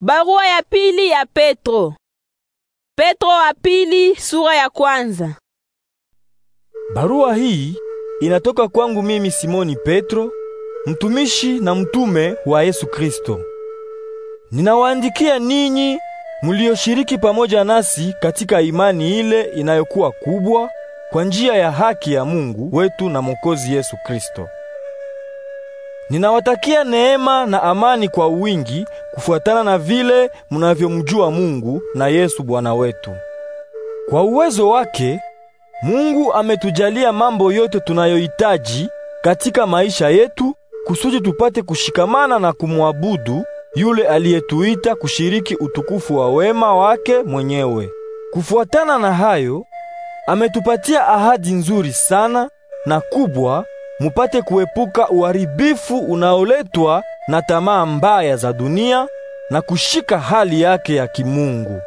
Barua ya pili ya Petro. Petro wa pili sura ya kwanza. Barua hii inatoka kwangu mimi Simoni Petro, mtumishi na mtume wa Yesu Kristo. Ninawaandikia ninyi mulioshiriki pamoja nasi katika imani ile inayokuwa kubwa kwa njia ya haki ya Mungu wetu na Mwokozi Yesu Kristo. Ninawatakia neema na amani kwa wingi kufuatana na vile munavyomjua Mungu na Yesu Bwana wetu. Kwa uwezo wake Mungu ametujalia mambo yote tunayohitaji katika maisha yetu kusudi tupate kushikamana na kumwabudu yule aliyetuita kushiriki utukufu wa wema wake mwenyewe. Kufuatana na hayo, ametupatia ahadi nzuri sana na kubwa mupate kuepuka uharibifu unaoletwa na tamaa mbaya za dunia na kushika hali yake ya kimungu.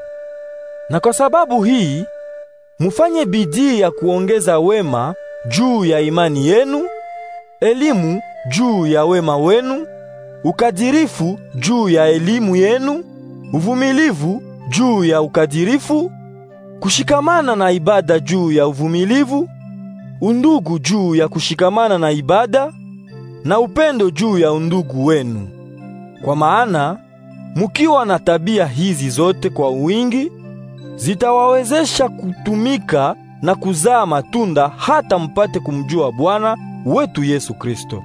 Na kwa sababu hii mufanye bidii ya kuongeza wema juu ya imani yenu, elimu juu ya wema wenu, ukadirifu juu ya elimu yenu, uvumilivu juu ya ukadirifu, kushikamana na ibada juu ya uvumilivu undugu juu ya kushikamana na ibada na upendo juu ya undugu wenu. Kwa maana mukiwa na tabia hizi zote kwa wingi, zitawawezesha kutumika na kuzaa matunda hata mpate kumjua Bwana wetu Yesu Kristo.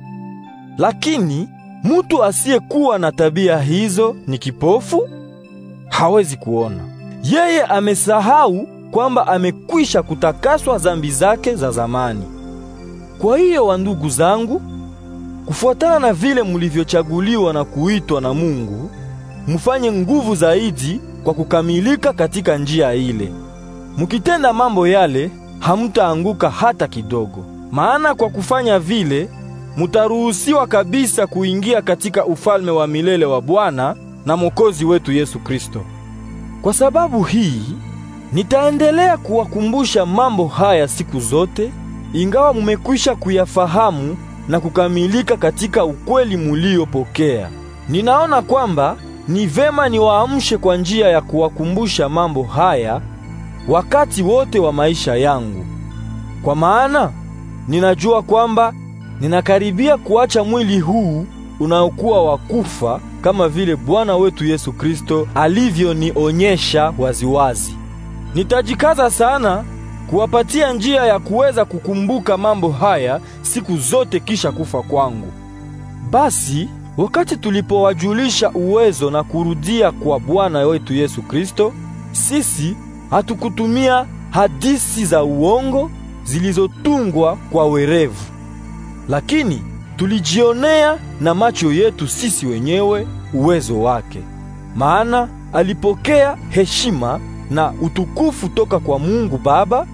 Lakini mutu asiyekuwa na tabia hizo ni kipofu, hawezi kuona. Yeye amesahau kwamba amekwisha kutakaswa dhambi zake za zamani. Kwa hiyo wandugu zangu, kufuatana na vile mulivyochaguliwa na kuitwa na Mungu, mufanye nguvu zaidi kwa kukamilika katika njia ile. Mukitenda mambo yale, hamtaanguka hata kidogo. Maana kwa kufanya vile mutaruhusiwa kabisa kuingia katika ufalme wa milele wa Bwana na Mwokozi wetu Yesu Kristo. Kwa sababu hii Nitaendelea kuwakumbusha mambo haya siku zote, ingawa mumekwisha kuyafahamu na kukamilika katika ukweli muliopokea. Ninaona kwamba ni vema niwaamshe kwa njia ya kuwakumbusha mambo haya wakati wote wa maisha yangu, kwa maana ninajua kwamba ninakaribia kuacha mwili huu unaokuwa wa kufa, kama vile Bwana wetu Yesu Kristo alivyonionyesha waziwazi. Nitajikaza sana kuwapatia njia ya kuweza kukumbuka mambo haya siku zote kisha kufa kwangu. Basi wakati tulipowajulisha uwezo na kurudia kwa Bwana wetu Yesu Kristo, sisi hatukutumia hadisi za uongo zilizotungwa kwa werevu, lakini tulijionea na macho yetu sisi wenyewe uwezo wake, maana alipokea heshima na utukufu toka kwa Mungu Baba,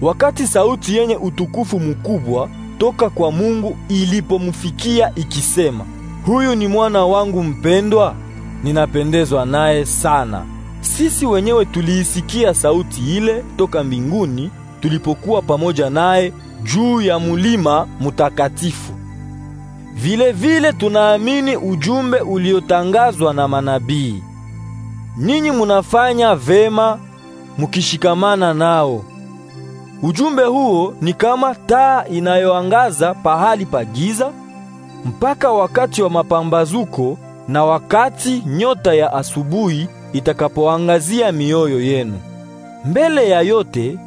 wakati sauti yenye utukufu mkubwa toka kwa Mungu ilipomfikia ikisema, huyu ni mwana wangu mpendwa, ninapendezwa naye sana. Sisi wenyewe tuliisikia sauti ile toka mbinguni tulipokuwa pamoja naye juu ya mulima mtakatifu. Vile vile tunaamini ujumbe uliotangazwa na manabii. Ninyi munafanya vema mukishikamana nao. Ujumbe huo ni kama taa inayoangaza pahali pa giza mpaka wakati wa mapambazuko na wakati nyota ya asubuhi itakapoangazia mioyo yenu. Mbele ya yote,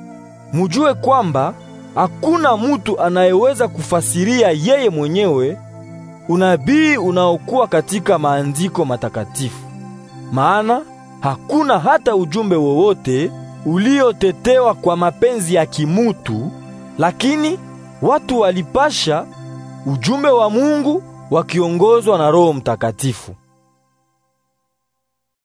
mujue kwamba hakuna mutu anayeweza kufasiria yeye mwenyewe unabii unaokuwa katika maandiko matakatifu. Maana hakuna hata ujumbe wowote uliotetewa kwa mapenzi ya kimutu, lakini watu walipasha ujumbe wa Mungu wakiongozwa na Roho Mtakatifu.